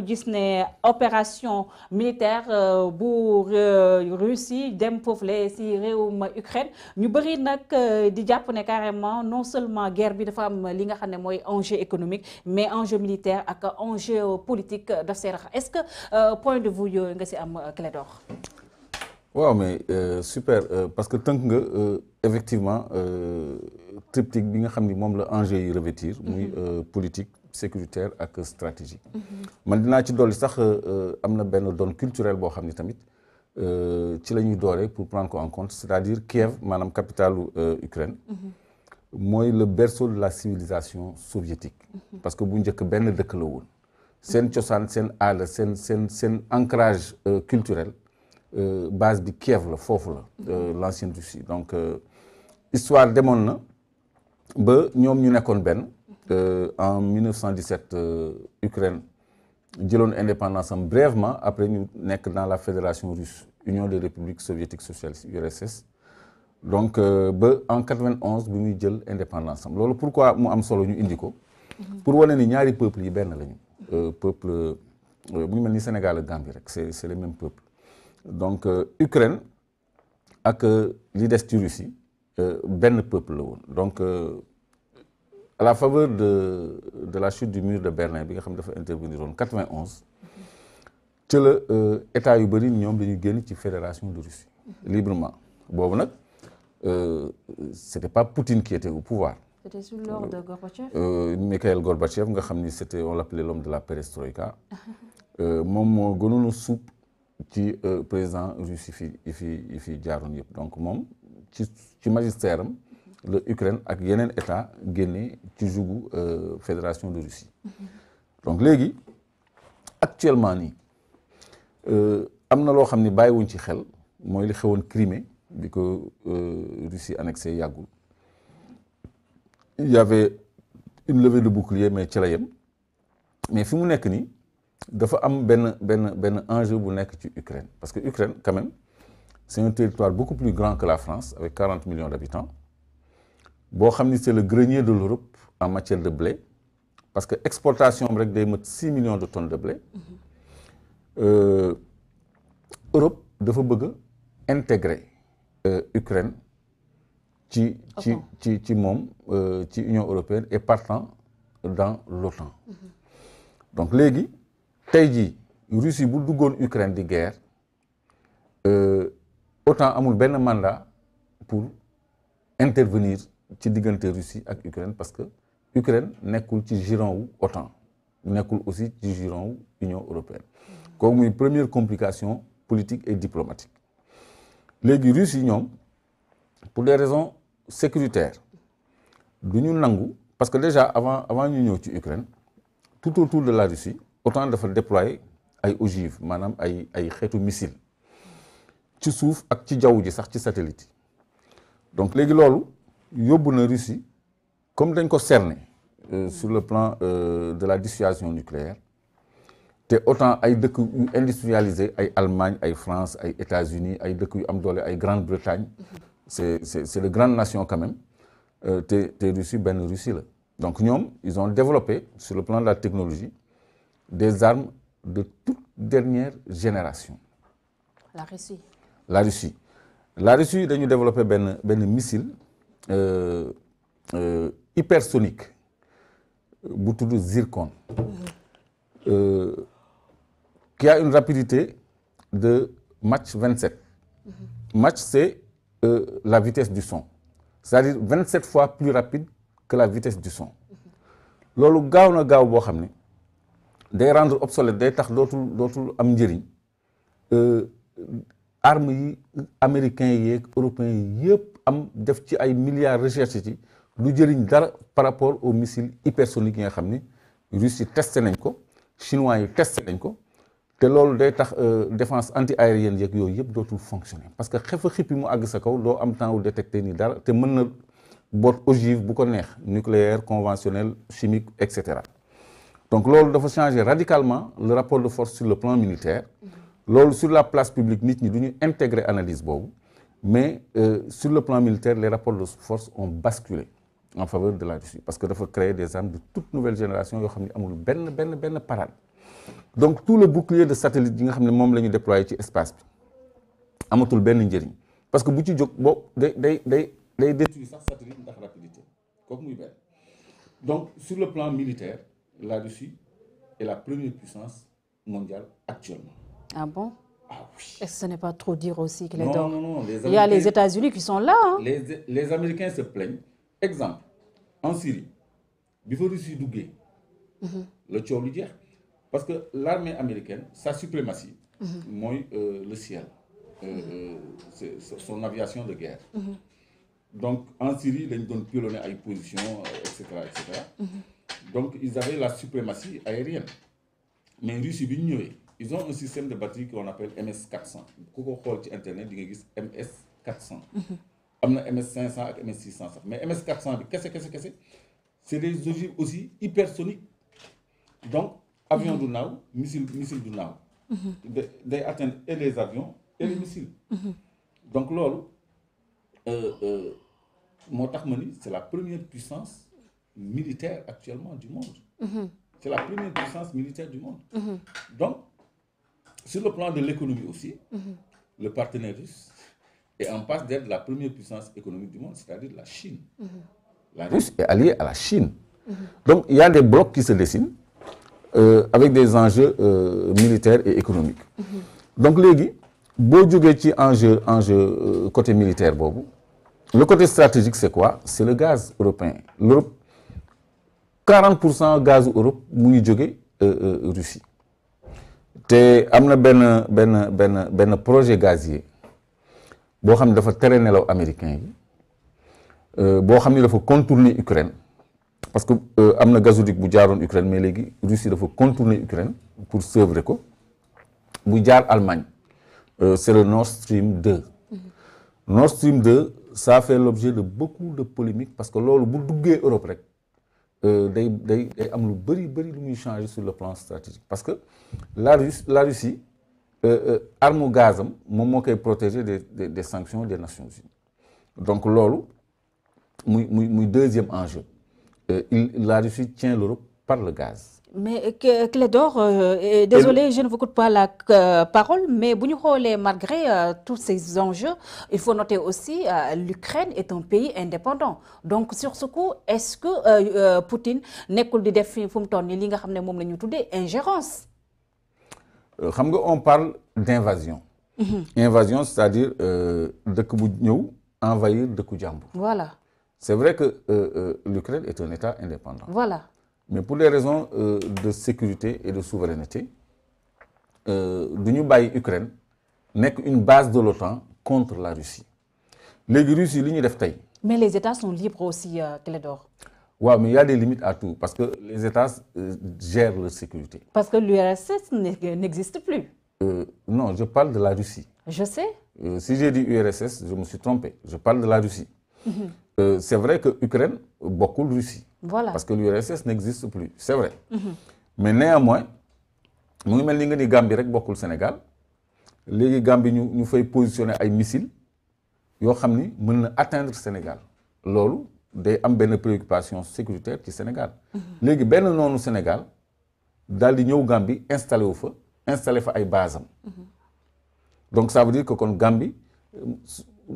ñu gis ne opération militaire euh, bu euh, Russie dem foofule si réewum Ukraine ñu bëri nag euh, di jàpp ne carrément non seulement guerre bi dafa am li nga xam ne mooy enjeu économique mais enjeu militaire ak enjeu politique daf see rax est-ce que point de vue yooyu nga si am Clédor waaw mais super parce que tënk nga effectivement triptyque bi nga xam ni moom la enjeu yi revêtir muy mm-hmm. politique sécuritaire ak stratégie man dinaa ci dolli sax euh, am na benn done culturelle boo xam ne tamit euh, ci la ñuy doole pour prendre ko en compte c'est-à-dire Kiev maanaam capitalu euh, Ukraine mooy le berceau de la civilisation soviétique parce que bu njëkk benn dëkk la woon seen cosaan seen aada seen seen seen ancrage culturel base di Kiev la foofu la l'ancienne Russie donc histoire demoon na ba ñoom ñu nekkoon benn Euh, en 1917 euh, Ukraine jëloon indépendance am brèvement après ñu nekk dans la fédération russe Union des républiques soviétiques socialistes URSS donc euh, ba en 91 bi muy jël indépendance am loolu pour pourquoi mu am solo ñu indi ko. pour wane ni ñaari peuples yi benn lañu. peuple bu ñu mel ni sénégale ak rek c'est c'est le même peuple donc Ukraine ak li des ci Russie benn peuple la woon donc. à la faveur de de la chute du mur de Berlin bi nga xam ne dafa intervenir woon 91 ci la euh, état yu bëri ñoom dañu génn ci fédération de Russie librement boobu nag euh, c'était pas Poutine qui était au pouvoir. c'était sous l'ordre de Gorbatchev. Euh, Mikhail nga xam ni c'était on l'appelait l'homme de la perestroïka moom moo gënoon a suub ci président Russie yi fi yi fi yi fi jaaroon yëpp donc moom ci ci magistère am la Ukraine ak yeneen état génne ci jugu euh, fédération de Russie mm-hmm. donc léegi actuellement nii euh, am na loo xam ni bàyyiwuñ ci xel mooy li xewoon Crimée bi ko euh, Russie annexé yàggul il y avait une levée de bouclier mais ci la yem mais fi mu nekk nii dafa am benn benn benn enjeu bu nekk ci Ukraine parce que Ukraine quand même c'est un territoire beaucoup plus grand que la France avec 40 millions d'habitants boo xam ni c'est le grenier de l'Europe en matière de blé parce que exportation am rek day mat six millions de tonnes de blé euh, Europe dafa bëgg a intégrer euh, Ukraine ci ci ci ci moom euh, ci Union européenne et partant dans l'OTAN donc léegi tey jii Russie bu duggoon Ukraine di guerre OTAN amul benn mandat pour intervenir ci diggante Russie ak Ukraine parce que Ukraine nekkul ci giron wu OTAN nekkul aussi ci giron wu Union européenne kooku muy première complication politique et diplomatique léegi Russes yi ñoom pour des raisons sécuritaires du ñu nangu parce que déjà avant avant ñu ñëw ci Ukraine tout autour de la Russie OTAN dafa déployer ay ogive maanaam ay ay xeetu missile ci suuf ak ci jaww ji sax ci satellite donc léegi loolu yóbbu na Russie comme dañ ko cerner euh, sur le plan euh, de la dissuasion nucléaire te autant ay dëkk yu industrialisé ay Allemagne ay France ay États-Unis ay dëkk yu am doole ay Grande-Bretagne c'est c'est c'est de grandes nations quand euh, te te Russie benn Russie la donc ñoom ils ont développé sur le plan de la technologie des armes de toute dernière génération. La Russie. La Russie. La Russie dañu développé benn benn missile Euh, euh, hypersonique bu tudd zircon euh, qui a une rapidité de Mach 27 Mach c'est la vitesse du son c'est-à-dire 27 fois plus rapide que la vitesse du son loolu gaaw na gaaw boo xam ne day rendre obsolète day tax dootul dootul am njëriñ arme yi américains yeeg européens yëpp am def ci ay milliards recherche ci lu jëriñ dara par rapport au missile hypersonique yi nga xam ni Russie testé nañ ko chinois yi testé nañ ko te loolu day tax euh, défense anti aérienne yeeg yooyu yëpp dootul fonctionner parce que xefa xippi mu àgg sa kaw loo am temps wu détecté ni dara te mën na boot ogive bu ko neex nucléaire conventionnel chimique et cetera donc loolu dafa changer radicalement le rapport de force sur le plan militaire mm-hmm. loolu sur la place nit ñi du ñu intégrer boobu mais euh, sur le plan militaire les rapports de force ont basculé en faveur de la Russie parce que dafa créer des armes de toute nouvelle génération yoo xam ne amul benn benn benn parade donc tout le bouclier de satellite yi nga xam ne moom la ñu déployé ci espace bi amatul benn njëriñ parce que bu ci jog boo day day day day détruire sax satellite ndax rapidité kooku muy benn donc sur le plan militaire la Russie est la première puissance mondiale actuellement ah Ah non, non, non, les a les États-Unis qui sont là. Les, les, Américains se plaignent. Exemple, en Syrie, il faut Dougé, le Tchorlidia, parce que l'armée américaine, sa suprématie, mm -hmm. le ciel, euh, mm son aviation de guerre. Mhm. Donc en Syrie, ils donnent plus à une position, euh, etc. etc. Mhm. Donc ils avaient la suprématie aérienne. Mais les Russes, ils ils ont un système de batterie qu'on appelle MS400 ku ko xool ci internet di nga gis MS400 mm-hmm. am na MS500 ak MS600 sax mais MS400 bi kese kese kese c'est des ogives aussi hypersoniques donc avion du mm-hmm. naaw missile missile du naaw mm-hmm. day atteindre et les avions et les missiles donc loolu euh, euh, moo tax ma ni c'est la première puissance militaire actuellement du monde Sur le plan de l'économie aussi, mhm. le partenaire russe est en passe d'être la première puissance économique du monde, c'est-à-dire la Chine. Mm -hmm. La Russie est alliée à la Chine. Mhm. Donc il y a des blocs qui se dessinent euh, avec des enjeux euh, militaires et économiques. Mhm. Donc légui bo djogé ci enjeu enjeu euh, côté militaire bobu. Le côté stratégique c'est quoi C'est le gaz européen. L'Europe 40% gaz Europe mu ngi euh, euh, Russie. te am na benn benn benn benn projet gazier boo xam ne dafa tere nelaw américain yi euh, boo xam ne dafa contourner Ukraine parce que euh, am na gazoduc bu jaaroon Ukraine mais léegi Russie dafa contourner Ukraine pour sevrer ko bu jaar Allemagne euh, c'est le Nord Stream 2 mm-hmm. Nord Stream 2 l'objet de beaucoup de polémiques parce que loolu bu duggee Europe rek Euh, day day day am lu bëri bëri lu muy changer sur le plan stratégique parce que la Russe la Russie euh, euh, arme gazam moom moo koy protéger des des sanctions des Nations Unies donc loolu muy muy muy deuxième enjeu il la Russie tient l'Europe par le gaz mais Clédor euh, désolé je ne vous coupe pas la euh, parole mais bu ñu xoolee malgré euh, tous ces enjeux il faut noter aussi euh, l'Ukraine est un pays indépendant donc sur ce coup est-ce que euh, Poutine nekkul di def fu mu toll nii li nga xam ne moom la ñu tuddee ingérence xam nga on parle d'invasion mhm. invasion c'est-à-dire dëkk bu ñëw envahir dëkku jàmbur voilà c'est vrai que l'Ukraine est un État indépendant voilà mais pour les raisons euh, de sécurité et de souveraineté euh, du ñu bàyyi Ukraine nekk une base de l'OTAN contre la Russie léegi Russie li ñu def tey. mais les États sont libres aussi Clédor. Euh, waaw mais il y a des limites à tout parce que les États gèrent leur sécurité. parce que l'URSS n'existe plus. Euh, non, je parle de la Russie. Je sais. Euh, si j'ai dit URSS, je me suis trompé. Je parle de la Russie. Mm -hmm. c'est vrai que Ukraine, beaucoup de Russie. Voilà. Parce que l'URSS n'existe plus. C'est vrai. Mm -hmm. Mais néanmoins, nous ni dit que Gambie rek bokul Sénégal. Légui Gambie ñu ñu fay positionner ay missiles ni mën na atteindre Sénégal. loolu day am benn préoccupation sécuritaire ci Sénégal. Mhm. léegi benn noonu Sénégal dal di ñew Gambie installer wu fa, installer fa ay bases. Mhm. Donc ça veut dire que kon Gambie euh,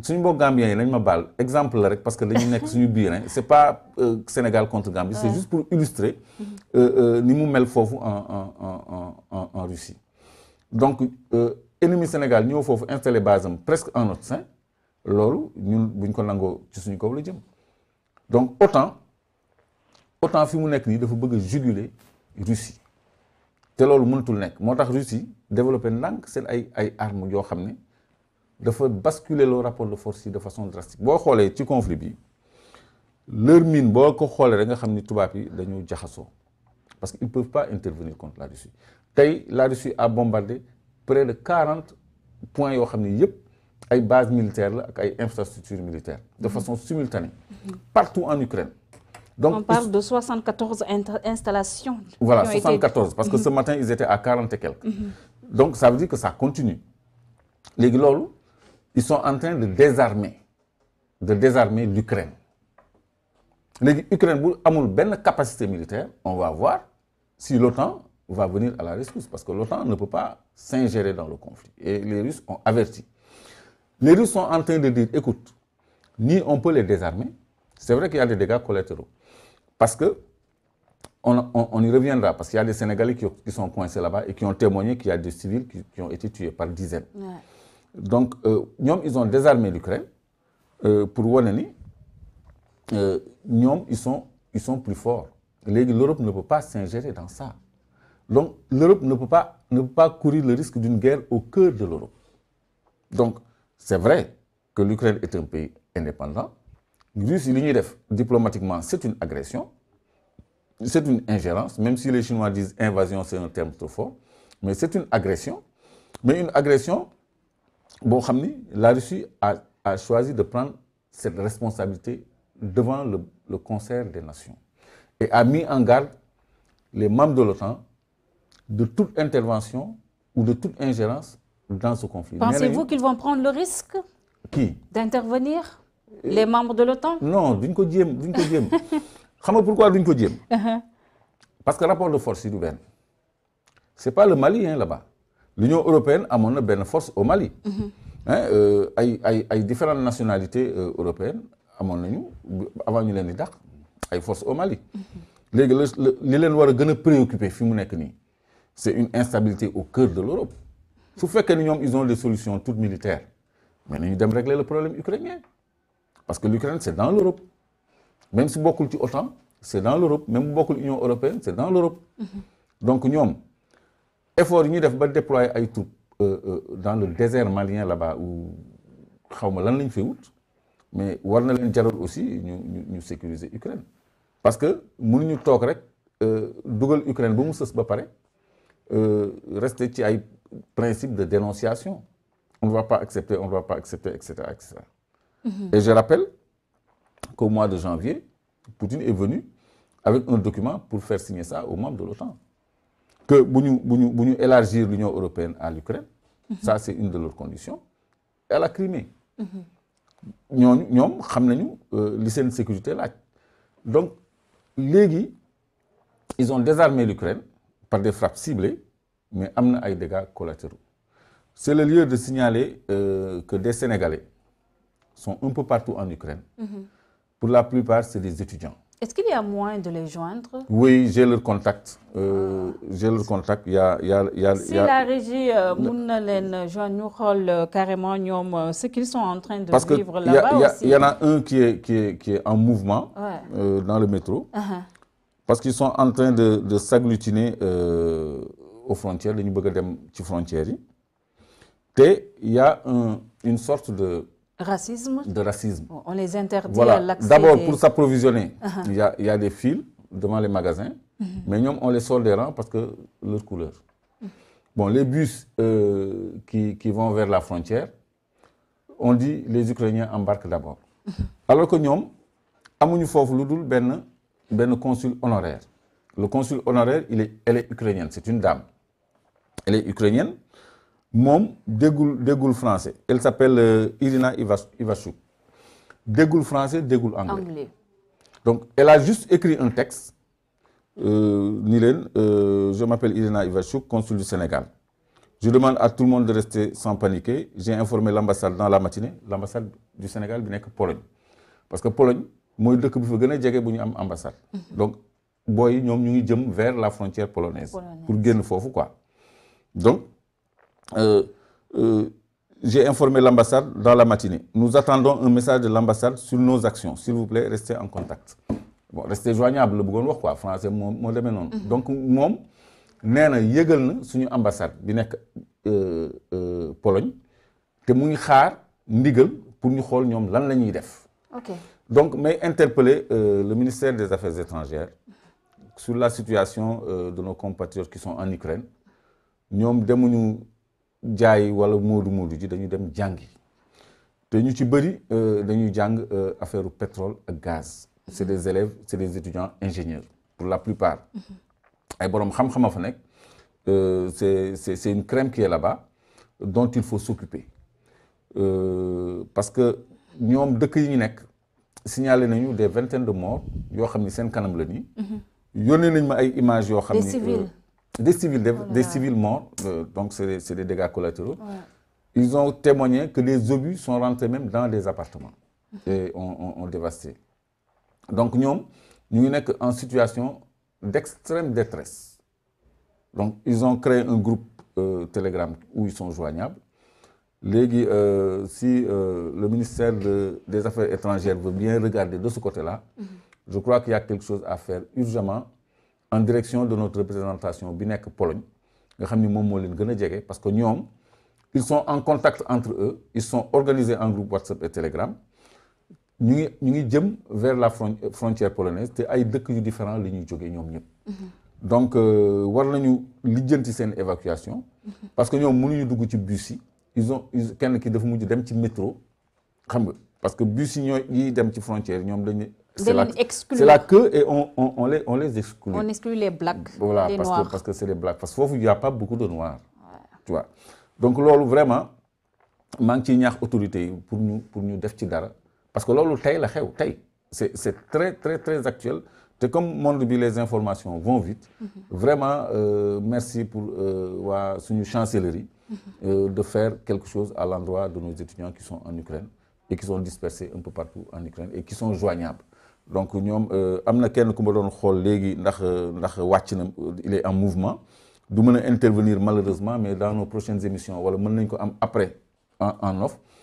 suñu mbokk Gambien yi nañ ma baal exemple la rek parce que lañu nekk suñu biir hein c'est pas euh, Sénégal contre Gambie c'est juste pour illustrer mm-hmm. euh, euh, ni mu mel foofu en en en en Russie donc ennemi Sénégal ñëw foofu installé base presque en notre sein loolu ñun buñ ko nangoo ci suñu kaw jëm donc autant autant fi mu nekk nii dafa bëgg a juguler Russie te loolu mënatul nekk moo tax Russie développé ndànk seen ay ay armes yoo xam ne dafa basculer le rapport de force yi de façon drastique boo xoolee ci conflit bi leur mine boo ko xoolee rek nga xam ni tubaab yi dañu jaxasoo parce que ils peuvent pas intervenir contre la Russie tey la Russie a bombardé près de quarante points yoo xam ni yëpp ay bases militaire la ak ay infrastructures militaires de mhm. façon simultanée mhm. partout en Ukraine donc on de 74 installations voilà 74 parce que mhm. ce matin ils étaient à quarante et quelques donc ça veut dire que ça continue léegi loolu ils sont en train de désarmer de désarmer l'Ukraine léegi Ukraine bu amul benn capacité militaire on va voir si l'OTAN va venir à la rescousse parce que l'OTAN ne peut pas s'ingérer dans le conflit et les Russes on averti les Russes sont en train de dire écoute ni on peut les désarmer c'est vrai qu'il a des dégâts collatéraux parce que on, on, on y reviendra parce qu'il y a des Sénégalais qui, sont coincés là-bas et qui ont témoigné qu'il a des civils qui, qui été tués par dizaines donc euh, ñoom ils ont désarmé l'Ukraine euh, pour wane ni euh, ñoom ils sont ils sont plus forts léegi l'Europe ne peut pas s'ingérer dans ça donc l'Europe ne peut pas ne peut pas courir le risque d'une guerre au cœur de l'Europe donc c'est vrai que l'Ukraine est un pays indépendant Russie li ñuy def diplomatiquement c'est une agression c'est une ingérence même les Chinois disent invasion c'est un terme trop fort mais c'est une agression mais une agression boo xam ni la Russie a a choisi de prendre cette responsabilité devant le le concert des nations et a mis en garde les membres de l'OTAN de toute intervention ou de toute ingérence dans ce conflit. Pensez-vous qu'ils vont prendre le risque? qui d'intervenir les membres de l'OTAN non duñ ko jéem duñ ko jéem xam nga pourquoi duñ ko jéem. Uh-huh. parce que rapport de force yi du benn. c'est pas le Mali hein là-bas. l'union européenne amoon na benn force au Mali. Mhm. Euh, ay ay ay différentes nationalités euh, européennes amoon nañu avant ñu leen di dàq ay forces au Mali. Mhm. léegi la li leen war a gën a préoccupé fi mu nekk nii c'est une instabilité au cœur de l'Europe su fekkee ni ñoom ils ont des solutions toutes militaires mais nañu dem régler le problème ukrainien parce que l'Ukraine c'est dans l'Europe même si bokkul ci OTAN c'est dans l'Europe même bu bokkul Union européenne c'est dans l'Europe mhm. donc ñoom. effort yi ñu def ba déployer ay troupes euh, euh, dans le désert malien là-bas où xaw ma lan lañu fee wut mais war na leen jaral aussi ñu ñu ñu sécuriser Ukraine parce que mun ñu toog rek euh, dugal Ukraine ba mu sës ba pare rester ci ay principe de dénonciation on ne va pas accepter on ne va pas accepter et mm-hmm. et je rappelle qu'au mois de janvier Poutine est venu avec un document pour faire signer ça aux membres de l'OTAN que bu ñu bu ñu bu ñu élargir l'Union européenne à l'Ukraine mhm. ça c'est une de leurs conditions et à la Crimée mhm. ñoom xam nañu euh, li seen sécurité laaj donc léegi ils ont désarmé l'Ukraine par des frappes ciblées mais am na ay dégâts collatéraux c'est le lieu de signaler euh, que des Sénégalais sont un peu partout en Ukraine mm -hmm. pour la plupart c'est des étudiants Est-ce qu'il y a moyen de les joindre Oui, j'ai leur contact. Euh, ah. J'ai leur contact. Il y a, il y a, il y a, si la régie euh, Mounalen joint euh, carrément euh, ce en que vivre là-bas aussi. Il y en a un qui est, qui en mouvement euh, dans le métro. Uh-huh. Parce qu'ils sont en train de, de s'agglutiner aux frontières, les frontières. Et il y a un, une sorte de racisme. de racisme. On les interdit voilà. l'accès. D'abord, des... pour s'approvisionner, uh -huh. a, il y, a des fils devant les magasins, mm-hmm. mais nous, on les sort des rangs parce que leur couleur. Mm-hmm. Bon, les bus euh, qui, qui, vont vers la frontière, on dit les Ukrainiens embarquent d'abord. Mm-hmm. Alors que nous, amuñu foofu lu dul benn benn consul honoraire le consul honoraire il est elle est ukrainienne c'est une dame elle est ukrainienne moom déggul déggul français elle s'appelle euh, Irina Ivashchuk déggul français déggul anglais. anglais donc elle a juste écrit un texte euh, ni leen euh, je m'appelle Irina Ivashchuk consul du Sénégal je demande à tout le monde de rester sans paniquer j'ai informé l'ambassade dans la matinée l'ambassade du Sénégal bi nekk Pologne parce que Pologne mooy dëkk bi fa gën a jege bu ñu am ambassade mhm. donc booy ñoom ñu ngi jëm vers la frontière polonaise pour génn foofu quoi Euh, euh, j'ai informé l'ambassade dans la matinée. Nous attendons un message de l'ambassade sur nos actions. S'il vous plaît, restez en contact. Bon, restez joignable, le bougon ko français, mon moo non. Mhm. Donc, mom, nee na yëgal na suñu ambassade bi nekk euh, Pologne te mu ngi xaar ndigal pour ñu xool ñoom lan la ñuy def. ok donc may interpeller le ministère des affaires étrangères sur la situation de nos compatriotes qui sont en Ukraine ñoom demuñu. jaay wala moodu moodu ji dañu dem jàngi te ñu ci bëri euh, dañuy jàng euh, affaire pétrole ak gaz c'est des élèves c'est des étudiants ingénieurs pour la plupart ay boroom xam-xama fa nekk euh, c'est une crème qui est là-bas dont il faut s'occuper euh, parce que ñoom dëkk yi ñu nekk signalé nañu des vingtaines de morts yoo xam ni seen kanam la nii mm-hmm. yónnee nañ ma ay images yoo xam ni des civils, des, oh des civils morts, euh, donc c'est des, des, dégâts collatéraux. Ils ont témoigné que les obus sont rentrés même dans les appartements et ont, on, on dévasté. Donc nous, nous sommes en situation d'extrême détresse. Donc ils ont créé un groupe euh, Telegram où ils sont joignables. Légui, euh, si euh, le ministère des Affaires étrangères veut bien regarder de ce côté-là, mm-hmm. je crois qu'il y a quelque chose à faire urgemment en direction de notre représentation bi nekk Pologne nga xam ni moom moo leen gën a jege parce que ñoom ils sont en contact entre eux ils sont organisés en groupe WhatsApp et Telegram ñu ngi ñu ngi jëm vers la frontière polonaise te ay dëkk yu différent la ñuy jógee ñoom ñëpp mm-hmm. donc euh, war nañu lijjanti seen évacuation mm-hmm. parce que ñoom mënuñu dugg ci bus yi ils ont kenn ki dafa mujj dem ci métro xam nga parce que bus yi ñooy yiy dem ci frontière ñoom dañu c'est la, la, queue et on, on, on, les, on les On exclut les blacks, les noirs. Que, parce que c'est les blacks. Parce qu'il n'y a pas beaucoup de noirs. Ouais. Tu vois. Donc, lolo, vraiment, manque de autorité pour nous, def ci dara. Parce que loolu taille la C'est très, très, très actuel. te comme monde bi les informations vont vite. Mm-hmm. Vraiment, euh, merci pour euh, une chancellerie mm-hmm. euh, de faire quelque chose à l'endroit de nos étudiants qui sont en Ukraine et qui sont dispersés un peu partout en donc ñoom euh, am na kenn ku ma doon xool léegi ndax euh, ndax wàcc na euh, il est en mouvement du mën a intervenir malheureusement mais dans nos prochaines émissions wala mën nañ ko am après en en off